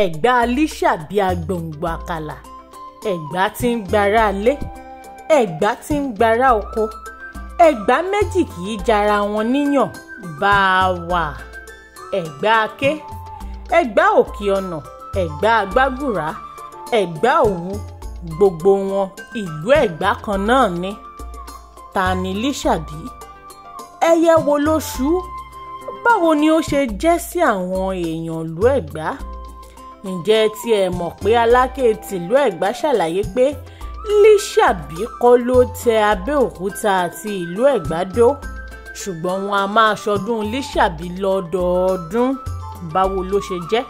ẹ̀gbá alíṣà bíi agbòǹgbò àkàlà ẹ̀gbá tí ń gbara alé ẹ̀gbá tí ń gbara oko ẹ̀gbá méjì kì í jara wọn níyàn bá a wà ẹ̀gbá aké ẹ̀gbá òkè ọ̀nà ẹ̀gbá agbágbùrá ẹ̀gbá òwú gbogbo wọn ìlú ẹ̀gbá kan náà ni ta ni ẹyẹ wo ló báwo ni ó ṣe jẹ́ sí àwọn èèyàn ìlú ẹ̀gbá. E ǹjẹ́ ẹ tiẹ̀ mọ̀ pé aláké tìlú ẹ̀gbá ṣàlàyé pé lísàbí kọ́ ló tẹ abẹ́òkúta àti ìlú ẹ̀gbá dó ṣùgbọ́n wọn a máa ṣọdún lísàbí lọ́dọọdún báwo ló ṣe jẹ́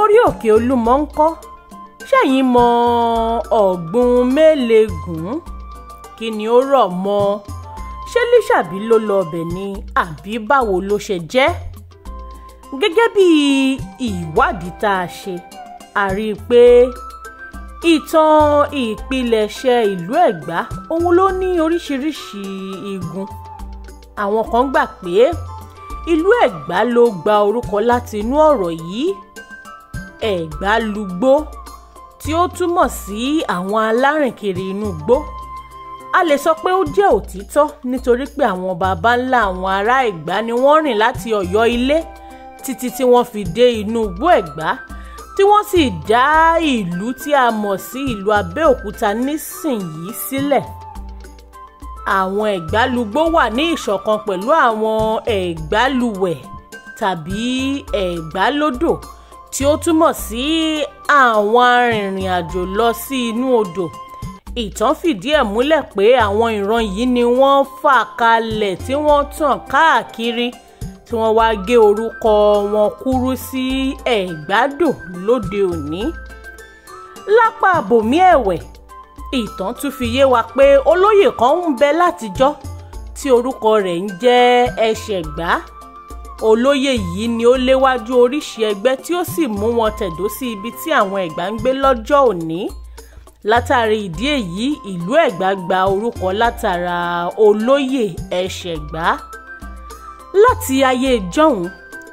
orí òkè olúmọ ń kọ́ ṣẹ́yìn mọ ọ̀gbun mélègùn kí ni ó rọ̀ mọ́ ṣé lísàbí ló lọ ọbẹ̀ ni àbí báwo ló ṣe jẹ́ gẹ́gẹ́ bí ìwádìí tá a ṣe a rí i pé ìtàn ìpilẹ̀ṣẹ̀ ìlú Ẹ̀gbá òun ló ní oríṣiríṣi igun àwọn kan gbà pé ìlú Ẹ̀gbá ló gba orúkọ láti inú ọ̀rọ̀ yìí Ẹ̀gbá lugbó tí ó túmọ̀ sí àwọn alárìnkiri inú igbó a lè sọ pé ó jẹ́ òtítọ́ nítorí pé àwọn baba ńlá àwọn ará Ẹ̀gbá ni wọ́n rìn láti Ọ̀yọ́ ilé títí tí wọ́n fi dé inú igbó ẹ̀gbá tí wọ́n sì dá ìlú tí a mọ̀ sí ìlú Abẹ́òkúta nísìnyí sílẹ̀ àwọn ẹ̀gbálugbó wà ní ìṣọ̀kan pẹ̀lú àwọn ẹ̀gbáluwẹ̀ tàbí ẹ̀gbálódò tí ó túmọ̀ sí àwọn arìnrìn-àjò lọ sí inú odò ìtàn fìdí ẹ̀ múlẹ̀ pé àwọn ìran yìí ni wọ́n fà kalẹ̀ tí wọ́n tàn káàkiri tí wọ́n wá gé orúkọ wọn kúrú sí ẹ̀gbádò lóde òní lápá àbòmí ẹ̀wẹ̀ ìtàn tún fi yé wa pé olóyè kan ń bẹ látijọ́ tí orúkọ rẹ̀ ń jẹ́ ẹ̀ṣẹ̀gbá olóyè yìí ni ó léwájú oríṣi ẹgbẹ́ tí ó sì mú wọn tẹ̀dó sí ibi tí àwọn ẹ̀gbá ń gbé lọ́jọ́ òní látàrí ìdí èyí ìlú ẹ̀gbá gba orúkọ látara olóyè ẹ̀ṣẹ̀gbá. E láti ayé ìjọ́hun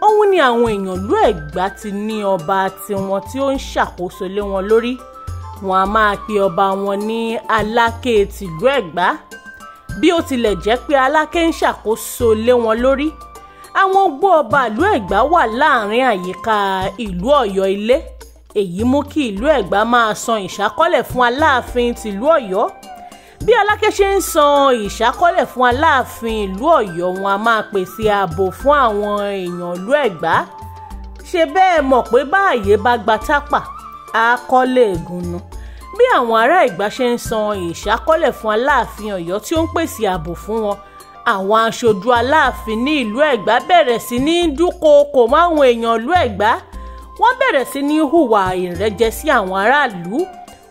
òun ni àwọn èèyàn ìlú ẹ̀gbá ti ní ọba tiwọn tí ó ń ṣàkóso lé wọn lórí wọn a máa pe ọba wọn ní aláké tìlú ẹ̀gbá bí ó tilẹ̀ jẹ́ pé aláké ń ṣàkóso lé wọn lórí àwọn gbó ọba ìlú ẹ̀gbá wà láàrin àyíká ìlú ọ̀yọ́ ilé èyí mú kí ìlú ẹ̀gbá máa san ìṣákọ́lẹ̀ fún aláàfin tìlú ọ̀yọ́ bí aláké ṣe ń san ìṣàkọlẹ̀ fún aláàfin ìlú ọ̀yọ́ wọn a máa pèsè ààbò fún àwọn èèyàn ìlú ẹ̀gbá ṣe bẹ́ẹ̀ mọ̀ pé báàyè bá gba tápà á kọ́lé ègúnnu bí àwọn ará ẹ̀gbá ṣe ń san ìṣàkọlẹ̀ fún aláàfin ọ̀yọ́ tí ó ń pèsè ààbò fún wọn àwọn aṣojú aláàfin ní ìlú ẹ̀gbá bẹ̀rẹ̀ sí ní dúnkookò máwọn èèyàn ìlú ẹ̀gbá wọ́n bẹ̀rẹ̀ sí ní hùwà ìrẹ́jẹ sí àwọn aráàlú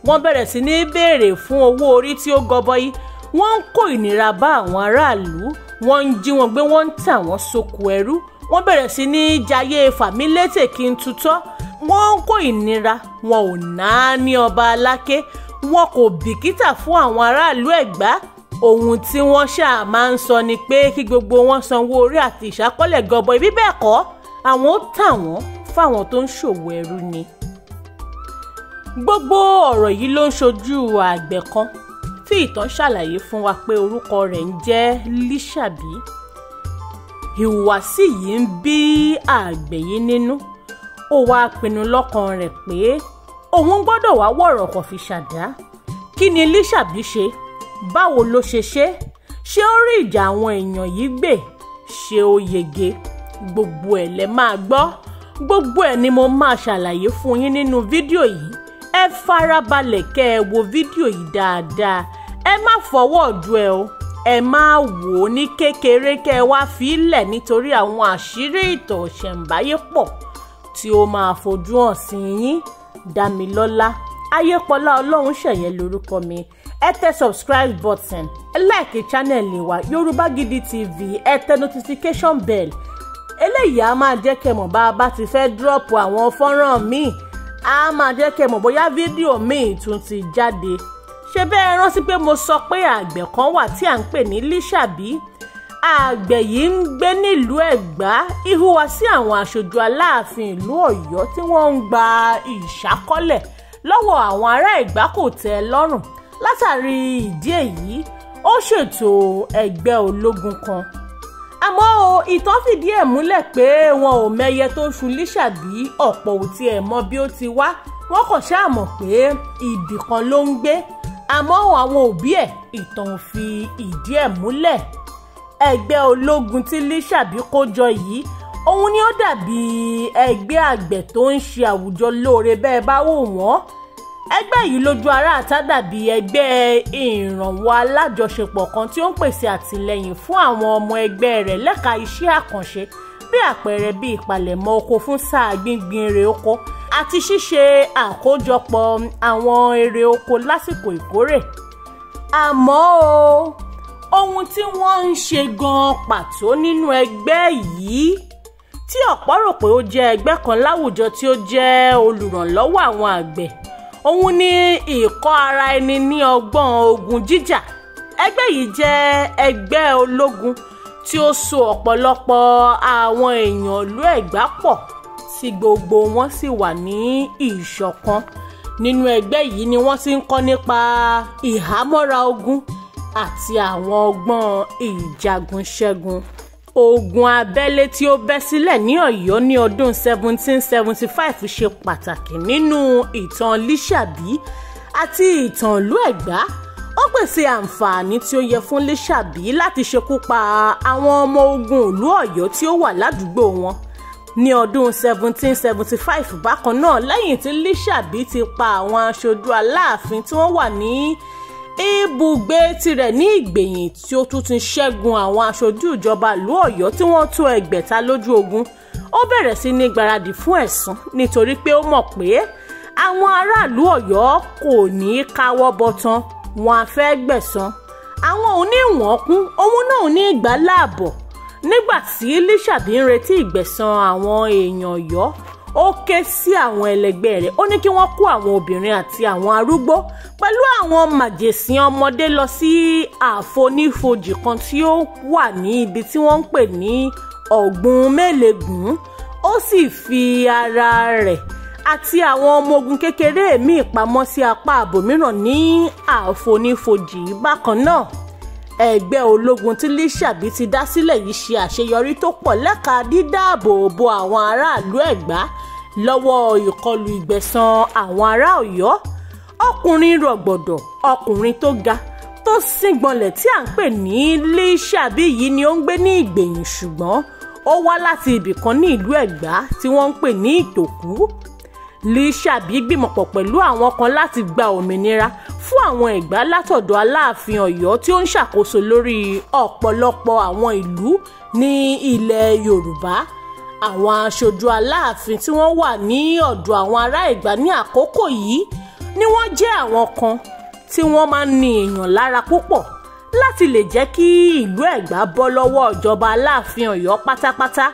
wọ́n bẹ̀rẹ̀ sí ní béèrè fún owó orí tí ó gọbọi wọ́n ń kó ìnira bá àwọn aráàlú wọ́n ń jí wọn gbé wọ́n ń tà wọ́n sóko ẹrú wọ́n bẹ̀rẹ̀ sí ní jayé fàmílétè kí n tutọ́ wọ́n ń kó ìnira wọn ò náà ní ọba aláké wọn kò bìkítà fún àwọn aráàlú ẹ̀gbá ohun tí wọ́n ṣáà máa ń sọ ni pé kí gbogbo wọn sanwó orí àti ìṣákọ́lẹ̀ gọbọi bí bẹ́ẹ̀ kọ́ àwọn ó tà wọ́n fáwọn tó ń ṣòwò ẹrú ni gbogbo ọ̀rọ̀ yìí ló ń ṣojú àgbẹ̀ kan tí ìtàn ṣàlàyé fún wa pé orúkọ rẹ̀ ń jẹ́ Lísàbí ìhùwàsí yìí ń bí àgbẹ̀ yìí nínú ó wáá pinnu lọ́kàn rẹ̀ pé òun gbọ́dọ̀ wá wọ̀rọ̀ kò fi ṣàdá kí ni Lísàbí ṣe báwo ló ṣe ṣe ṣé ó rí ìjà àwọn èèyàn yìí gbè ṣé ó yege gbogbo ẹ̀ lẹ máa gbọ́ gbogbo ẹ̀ ni mo máa ṣàlàyé fún yín nínú fídíò yìí ẹ farabalẹ̀ kẹ́ ẹ wo fídíò yìí dáadáa ẹ má fọwọ́ ọ̀dù ẹ o ẹ máa wò ó ní kékeré kẹ́ ẹ wá fi í lẹ̀ nítorí àwọn àṣírí ìtàn ọ̀ṣẹ̀ǹbáyé pọ̀ tí ó máa fojú hàn sí yín Dámilọ́lá Ayépọlá Ọlọ́runṣẹ̀yẹ lórúkọ mi ẹ tẹ subscribe button ẹ láìkí chánẹ́ẹ̀lì wa Yorùbá Gidi TV ẹ tẹ notification bell eléyìí á máa jẹ́ kẹ́ mọ̀ bá a bá ti fẹ́ dúrọ́ọ̀pù àwọn fọ́nrán míì a máa jẹ́ kẹ́ mọ̀ bóyá fídíò míì tún ti jáde ṣe bẹ́ẹ̀ rántí pé mo sọ pé àgbẹ̀ kan wà tí à ń pè ní Líṣàbí àgbẹ̀ yìí ń gbé nílùú Ẹ̀gbá ìhùwà sí àwọn aṣojú Aláàfin ìlú Ọ̀yọ́ tí wọ́n ń gba ìṣàkọ́lẹ̀ lọ́wọ́ àwọn ará Ẹ̀gbá kò tẹ́ lọ́rùn látàrí ìdí èyí ó ṣètò ẹgbẹ́ ológun kan àmọ́ o ìtàn fìdí ẹ̀ múlẹ̀ pé wọn ò mẹyẹ tó ń ṣun Lísàbí ọ̀pọ̀ ò tiẹ̀ mọ bí ó ti wá wọn kàn ṣáà mọ̀ pé ibì kan ló ń gbé àmọ́ àwọn òbí ẹ̀ ìtàn ò fi ìdí ẹ̀ múlẹ̀ ẹgbẹ́ ológun tí Lísàbí kó jọ yìí òun ni ó dàbí ẹgbẹ́ àgbẹ̀ tó ń ṣe àwùjọ lóore bẹ́ẹ̀ bá wò wọ́n ẹgbẹ́ yìí lójú aráàta dàbí ẹgbẹ́ ìrànwọ́ alájọṣepọ̀ kan tí ó ń pèsè àtìlẹ́yìn fún àwọn ọmọ ẹgbẹ́ rẹ̀ lẹ́ka iṣẹ́ àkànṣe bí àpẹẹrẹ bí ìpalẹ̀mọ́ oko fún sáà gbíngbin èrè oko àti ṣíṣe àkójọpọ̀ àwọn èrè oko lásìkò ìkórè àmọ́ o ohun tí wọ́n ń ṣe gan-an pàtó nínú ẹgbẹ́ yìí tí ọ̀pọ̀ rò pé ó jẹ́ ẹgbẹ́ kan láwùjọ tí ó jẹ́ olùrànlọ́wọ́ àwọn àgbẹ̀ òun ni ìkọ́ ara ẹni ní ọgbọ́n ogun jíjà ẹgbẹ́ yìí jẹ́ ẹgbẹ́ ológun tí ó so ọ̀pọ̀lọpọ̀ àwọn èèyàn ìlú Ẹ̀gbá pọ̀ tí gbogbo wọn sì wà ní ìṣọ̀kan nínú ẹgbẹ́ yìí ni wọ́n ti ń kọ́ nípa ìhámọ́ra ogun àti àwọn ọgbọ́n ìjagun ṣẹ́gun ogun abẹ́lé tí ó bẹ́ sílẹ̀ ní ọ̀yọ́ ní ọdún 1775 ṣe pàtàkì nínú ìtàn lísàbí àti ìtàn ìlú ẹ̀gbá ó pèsè àǹfààní tí ó yẹ fún lísàbí láti ṣekú pa àwọn ọmọ ogun ìlú ọ̀yọ́ tí ó wà ládùúgbò wọn ní ọdún 1775 bákan náà lẹ́yìn tí lísàbí ti pa àwọn aṣojú aláàfin tí wọ́n wà ní. Ni ibùgbé tirẹ̀ ní ìgbẹ̀yìn tí ó tún ti ṣẹ́gun àwọn aṣojú ìjọba ìlú ọ̀yọ́ tí wọ́n tó ẹgbẹ̀ta lójú ogun ó bẹ̀rẹ̀ sí ní gbaradì fún ẹ̀sùn nítorí pé ó mọ̀ pé àwọn aráàlú ọ̀yọ́ kò ní í káwọ́ bọ́tán wọn á fẹ́ gbẹ̀san àwọn ò ní wọ́n kún òun náà ní ìgbà láàbọ̀ nígbà tí lísàbí ń retí ìgbẹ̀san àwọn èèyàn ọ̀yọ́ ó ké sí àwọn ẹlẹgbẹ́ rẹ̀ ó ní kí wọ́n kó àwọn obìnrin àti àwọn arúgbó pẹ̀lú àwọn màjèsín ọmọdé lọ sí àfonífojì kan tí ó wà ní ibi tí wọ́n ń pè ní ọ̀gbun mẹ́lẹ̀gùn ó sì fi ara rẹ̀ àti àwọn ọmọ ogun kékeré míì pamọ́ sí apá àbòmíràn ní àfonífojì bákan náà ẹgbẹ́ ológun tí Lísàbí ti dá sílẹ̀ yìí ṣe àṣeyọrí tó pọ̀ lẹ́ka dídáàbò bo àwọn aráàlú Ẹ̀gbá lọ́wọ́ ìkọlù ìgbẹ̀san àwọn ará Ọ̀yọ́ ọkùnrin rọ̀gbọ̀dọ̀ ọkùnrin tó ga tó síngbọnlẹ̀ tí à ń pè ní Lísàbí yìí ni ó ń gbé ní ìgbẹ̀yìn ṣùgbọ́n ó wá láti ibì kan ní ìlú Ẹ̀gbá tí wọ́n ń pè ní Ìtòkú Lísàbí gbìmọ̀pọ̀ pẹ̀lú àwọn kan láti gba òmìnira fún àwọn ìgbà látọ̀dọ̀ aláàfin ọ̀yọ́ tí ó ń ṣàkóso lórí ọ̀pọ̀lọpọ̀ àwọn ìlú ní ilẹ̀ yorùbá àwọn aṣojú aláàfin tí wọ́n wà ní ọ̀dọ̀ àwọn ará ìgbà ní àkókò yìí ni wọ́n jẹ́ àwọn kan tí wọ́n máa ń ni èèyàn lára púpọ̀ láti lè jẹ́ kí ìlú ẹ̀gbá bọ́ lọ́wọ́ ìjọba aláàfin ọ̀yọ́ pátápátá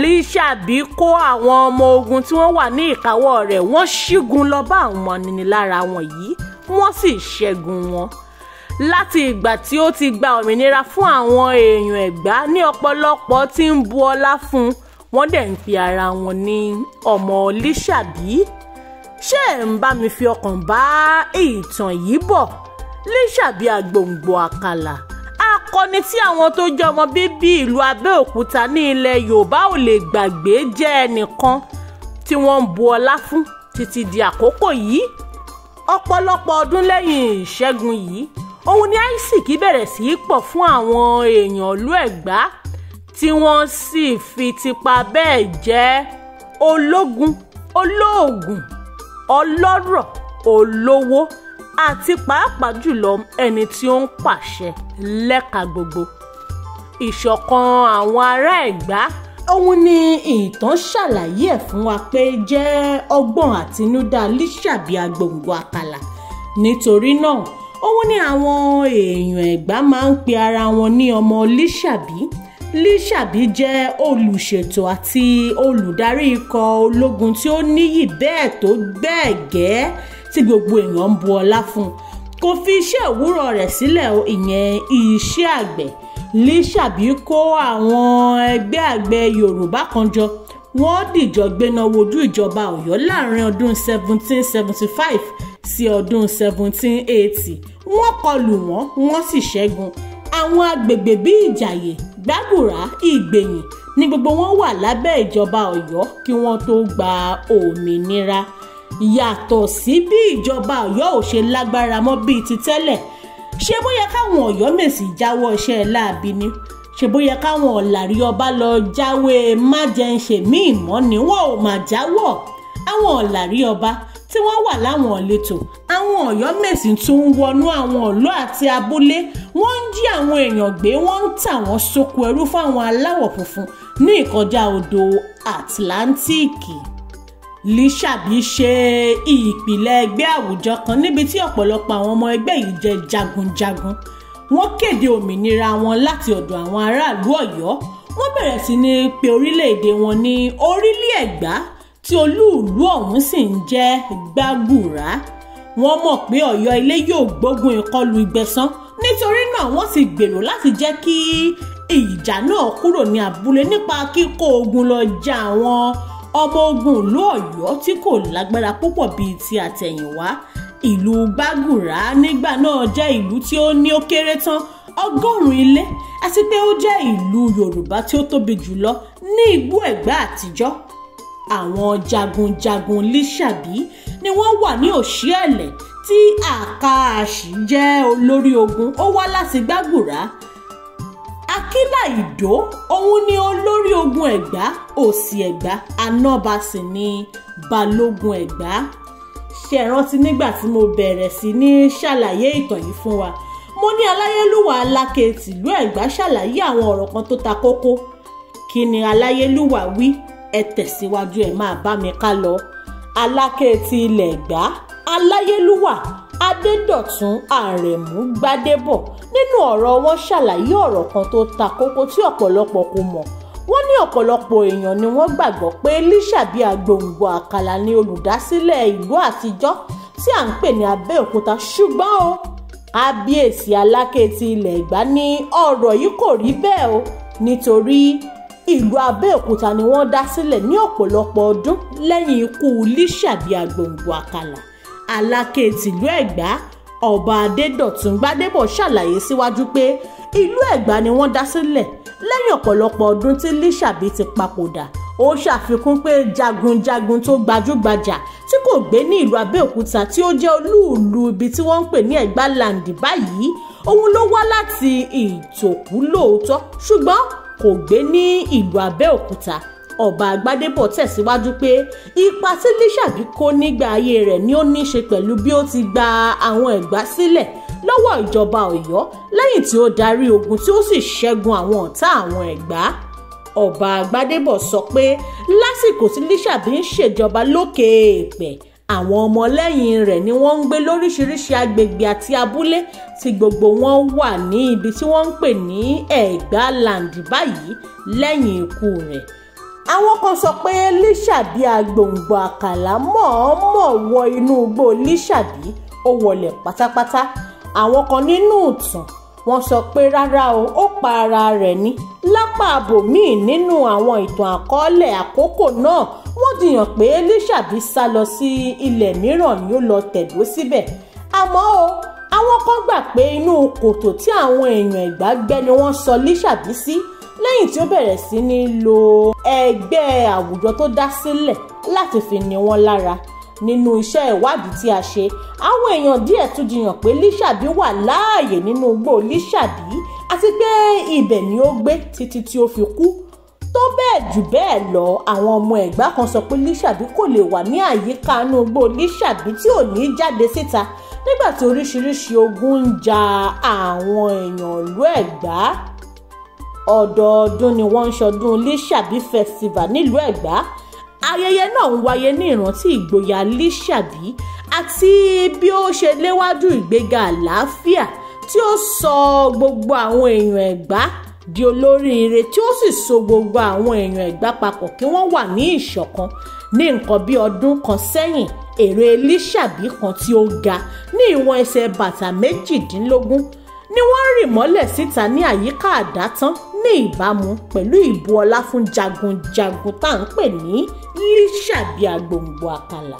líṣàbí kó àwọn ọmọ ogun tí wọ́n wà ní ìkáwọ́ rẹ̀ wọ́n ṣígun lọ bá àwọn aninilára wọ̀nyí wọ́n sì ṣẹ́gun wọn láti ìgbà tí ó ti gba òmìnira fún àwọn èèyàn ẹ̀gbá ní ọ̀pọ̀lọpọ̀ tí ń bu ọlá fún un wọ́n dẹ̀ ń fi ara wọn ní ọmọ líṣàbí ṣé ẹ̀ ń bá mi fi ọkàn bá ìtàn yìí bọ̀ líṣàbí àgbòǹgbò àkàlà akọni tí àwọn tó jẹ́ ọmọ bíbí ìlú abẹ́òkúta ní ilẹ̀ yorùbá ò lè gbàgbé jẹ́ ẹnìkan tí wọ́n ń bu ọlá fún títí di àkókò yìí ọ̀pọ̀lọpọ̀ ọdún lẹ́yìn ìṣẹ́gun yìí òun ni isaac bẹ̀rẹ̀ sí í pọ̀ fún àwọn èèyàn ìlú ẹ̀gbá tí wọ́n sì fi tipa bẹ́ẹ̀ jẹ́ ológun olóògùn ọlọ́rọ̀ olówó àti pàápàá jùlọ ẹni tí ó ń pàṣẹ lẹ́ka gbogbo ìṣọ̀kan àwọn ará ẹ̀gbá e òun ni ìtàn ṣàlàyé ẹ̀ fún wa pé jẹ́ ọgbọ́n àtinúdá Lísàbí Agbòǹgbò Àkàlà nítorí náà òun ni àwọn èèyàn Ẹ̀gbá máa ń pe ara wọn ní ọmọ Lísàbí Lísàbí jẹ́ olùṣètò àti olùdarí ikọ̀ ológun tí ó níyì bẹ́ẹ̀ tó bẹ́ẹ̀ gẹ́ tí gbogbo èèyàn ń bu ọlá fún kò fi iṣẹ́ òwúrọ̀ rẹ̀ sílẹ̀ ìyẹn iṣẹ́ àgbẹ̀ lísàbí kó àwọn ẹgbẹ́ àgbẹ̀ yorùbá kan jọ wọ́n dìjọ gbéná wojú ìjọba ọ̀yọ́ láàrin ọdún 1775 sí ọdún 1780 wọ́n kọlù wọ́n wọ́n sì ṣẹ́gun àwọn agbègbè bíi ìjàyè gbàgùrà ìgbẹ̀yìn ni gbogbo wọn wà lábẹ́ ìjọba ọ̀yọ́ kí wọ́n tó gba òmìnira yàtọ̀ sí bí ìjọba ọ̀yọ́ ò ṣe lágbára mọ́ bíi ti tẹ́lẹ̀ ṣé bóyá káwọn ọ̀yọ́ mèsì jáwọ́ iṣẹ́ láabi ni ṣe bóyá káwọn ọ̀làrí ọba lọ jáwé májẹ̀ǹṣe míì mọ́ ni wọ́n ò mà jáwọ́ àwọn ọ̀làrí ọba tí wọ́n wà láwọn ìletò àwọn ọ̀yọ́ mèsì tún ń wọnú àwọn ọ̀lọ́ àti abúlé wọ́n ń jí àwọn èèyàn gbé wọ́n ń tà wọ́n sóko ẹrú fáwọn aláwọ̀ funfun ní ìkọjá odò àtìláńtíìkì. Lísàbí ṣe ìpìlẹ̀ ẹgbẹ́ àwùjọ kan níbi tí ọ̀pọ̀lọpọ̀ àwọn ọmọ ẹgbẹ́ yìí jẹ́ jagunjagun wọ́n kéde òmìnira wọn láti ọ̀dọ̀ àwọn aráàlú Ọ̀yọ́ wọ́n bẹ̀rẹ̀ sí ní pe orílẹ̀-èdè wọn ní Orílẹ̀ Ẹ̀gbá tí olúùlú ọ̀hún sì ń jẹ́ Gbàgùrá wọ́n mọ̀ pé Ọ̀yọ́ ilé yóò gbógun ìkọlù Ìgbẹ̀san nítorí náà wọ́n sì gbèrò láti jẹ́ kí ìjà náà kúrò ní abúlé nípa kíkó ogun lọ jà àwọn ọmọ ogun ìlú Ọ̀yọ́ tí kò lágbára púpọ̀ bíi ti àtẹ̀yìnwá ìlú Gbàgùrá nígbà náà jẹ́ ìlú tí ó ní ó kéré tán ọgọ́rùn-ún ilé àti pé ó jẹ́ ìlú Yorùbá tí ó tóbi jùlọ ní Igbó Ẹ̀gbá àtijọ́ àwọn jagunjagun Lísàbí ni wọ́n wà ní Òṣìẹ̀lẹ̀ tí Àkàṣì jẹ́ olórí ogun ó wá láti Gbàgùrá akínlá ìdó òun ni olórí ogun ẹ̀gbá òsì ẹ̀gbá anábà sì ni balógun ẹ̀gbá ṣe rántí nígbà tí mo bẹ̀rẹ̀ sí ní ṣàlàyé ìtàn yìí fún wa mo ní aláyélúwà aláké tìlú ẹ̀gbá ṣàlàyé àwọn ọ̀rọ̀ kan tó ta kókó kí ni aláyélúwà wí ẹ tẹ̀síwájú ẹ̀ máa bá mi ká lọ aláké ti ilẹ̀ ẹ̀gbá aláyélúwà adédọ̀tún àrẹ̀mú gbádébọ̀ nínú ọ̀rọ̀ wọn ṣàlàyé ọ̀rọ̀ kan tó ta kókó tí ọ̀pọ̀lọpọ̀ kò mọ̀ wọ́n ní ọ̀pọ̀lọpọ̀ èèyàn ni wọ́n gbàgbọ́ pé lísàbí agbòǹgbò àkàlà ni olùdásílẹ̀ ìlú àtijọ́ tí à ń pè ní abẹ́òkúta ṣùgbọ́n o abíyèsí aláké ti ilẹ̀ ìgbà ní ọ̀rọ̀ yìí kò rí bẹ́ẹ̀ o nítorí ìlú abẹ́òkúta ni wọ́n dá sílẹ̀ ní ọ̀pọ̀lọpọ̀ ọdún lẹ́yìn ikú lísàbí agbòǹgbò àkàlà aláké tìlú ẹ̀gbá ọba adédọ̀tún gbadébọ̀ ṣàlàyé síwájú pé ìlú ẹ̀gbá ni wọ́n dá sílẹ̀ lẹ́yìn ọ̀pọ̀lọpọ̀ ọdún tí lísàbí ti papòdà ó ṣàfikún pé jagunjagun tó gbajúgbajà tí kò gbé ní ìlú abẹ́òkúta tí ó jẹ́ olúùlú ibi tí wọ́n ń pè ní ẹ̀gbá làǹdì báyìí òun ló wá láti ìtòkú lóòótọ́ ṣùgbọ́n kò gbé ní ìlú abẹ́òkúta ọba àgbádébọ̀ tẹ̀síwájú pé ipa tí lísàbí kó nígbà ayé rẹ̀ ni ó ní í ṣe pẹ̀lú bí ó ti gba àwọn ẹ̀gbá sílẹ̀ lọ́wọ́ ìjọba ọ̀yọ́ lẹ́yìn tí ó darí ogun tí ó sì ṣẹ́gun àwọn ọ̀tá àwọn ẹ̀gbá ọba àgbádébọ̀ sọ pé lásìkò tí lísàbí ń ṣèjọba lókè èèpẹ̀ àwọn ọmọlẹ́yìn rẹ̀ ni wọ́n ń gbé lóríṣiríṣi agbègbè àti abúlé tí gbogbo wọn wà ní ibi tí wọ́n ń pè ní ẹ̀gbá land báyìí lẹ́yìn ikú rẹ̀ àwọn kan sọ pé Lísàbí agbòǹgbò àkàlà mọ̀ọ́mọ̀ wọ inú igbó Lísàbí ó wọlẹ̀ pátápátá àwọn kan nínú ìtàn wọ́n sọ pé rárá o ó pa ara rẹ̀ ní lápá àbòmíì nínú àwọn ìtàn àkọọ́lẹ̀ àkókò náà wọ́n jiyàn pé Lísàbí sá lọ sí ilẹ̀ mìíràn ni ó lọ tẹ̀dó síbẹ̀ àmọ́ o àwọn kan gbà pé inú kòtò tí àwọn èèyàn Ẹ̀gbá gbẹ́ ni wọ́n sọ Lísàbí sí si lẹ́yìn tí ó bẹ̀rẹ̀ sí ní lo ẹgbẹ́ àwùjọ tó dá sílẹ̀ láti fi ni wọ́n lára nínú iṣẹ́ ìwádìí tí a ṣe àwọn èèyàn díẹ̀ tún jiyàn pé Lísàbí wà láàyè nínú igbó Lísàbí àti pé ibẹ̀ ni ó gbé títí tí ó fi kú tó bẹ́ẹ̀ jù bẹ́ẹ̀ lọ àwọn ọmọ ẹ̀gbá kan sọ pé Lísàbí kò lè wà ní àyíká inú igbó Lísàbí tí ò ní jáde síta nígbà tí oríṣiríṣi ogun ń ja àwọn èèyàn ìlú ẹ̀gbá ọdọọdún ni wọ́n ń ṣọdún lísàbí festival nílùú ẹ̀gbá ayẹyẹ náà ń wáyé ní ìrántí ìgboyà lísàbí àti bí ó ṣe léwájú ìgbéga àlàáfíà tí ó sọ gbogbo àwọn èèyàn ẹ̀gbá di olóríire tí ó sì so gbogbo àwọn èèyàn ẹ̀gbá papọ̀ kí wọ́n wà ní ìṣọ̀kan ní nǹkan bí ọdún kan sẹ́yìn èrè lísàbí kan tí ó ga ní ìwọ̀n ẹsẹ̀ bàtà méjìdínlógún ni wọ́n rì mọ́lẹ̀ síta ní àyíká àdátán ní ìbámu pẹ̀lú ìbú ọlá fún jagunjagun tá à ń pè ní lísàbí agbòǹgbò àkàlà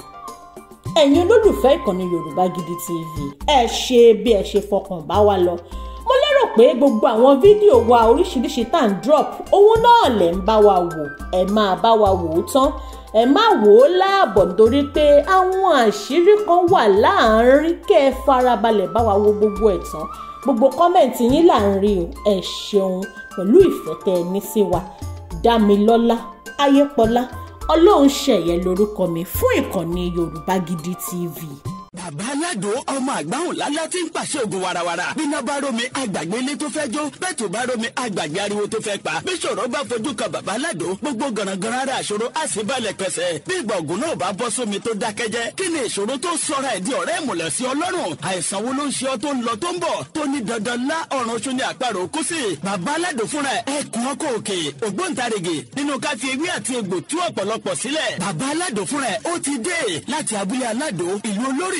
ẹ̀yin olólùfẹ́ ìkànnì Yorùbá Gidi TV ẹ ṣe bí ẹ ṣe fọkàn bá wa lọ mo lérò pé gbogbo àwọn fídíò wa oríṣiríṣi tá à ń drop owó náà lẹ̀ ń bá wa wò ẹ máa bá wa wò ó tán ẹ má wò ó láàbọ̀ nítorí pé àwọn àṣírí kan wà láàárín kẹ́ farabalẹ̀ bá wa wo gbogbo ẹ̀ tán gbogbo kọ́mẹ̀ntì yín là ń rí o ẹ ṣeun pẹ̀lú ìfẹ́ tẹ ẹ ní sí wa dámilọ́lá ayépọlá ọlọ́run ṣẹ̀yẹ lórúkọ mi fún ìkànnì yorùbá gidi tv bàbá aládùn ọmọ àgbáhùn lálá tí ń pàṣẹ ògùn warawara bíná bá romi àgbàgbé ilé tó fẹ́ jó bẹ́ẹ̀tù bá romi àgbàgbé ariwo tó fẹ́ pa bí sọ̀rọ̀ bá fojú kan bàbá aládùn gbogbo gànàgànà ara àṣòro á sì balẹ̀ pẹ̀sẹ̀ bí ìgbà ògùn náà bá bọ́ sómi tó dákẹ́jẹ́ kí ni ìṣòro tó sọra ẹ̀ di ọ̀rẹ́ ìmùlẹ̀ sí ọlọ́run àìsàn wo ló ń ṣe ọ tó ń lọ tó ń bọ̀ tó ní dandan lá ọ̀run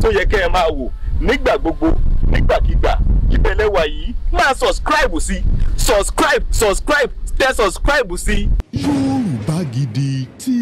tó yẹ kẹ́ ẹ máa wò nígbà gbogbo nígbàkigbà ìbẹ̀lẹ̀ yìí máa subscribe sí subscribe subscribe tẹ subscribe sí. Yorùbá Gidi TV.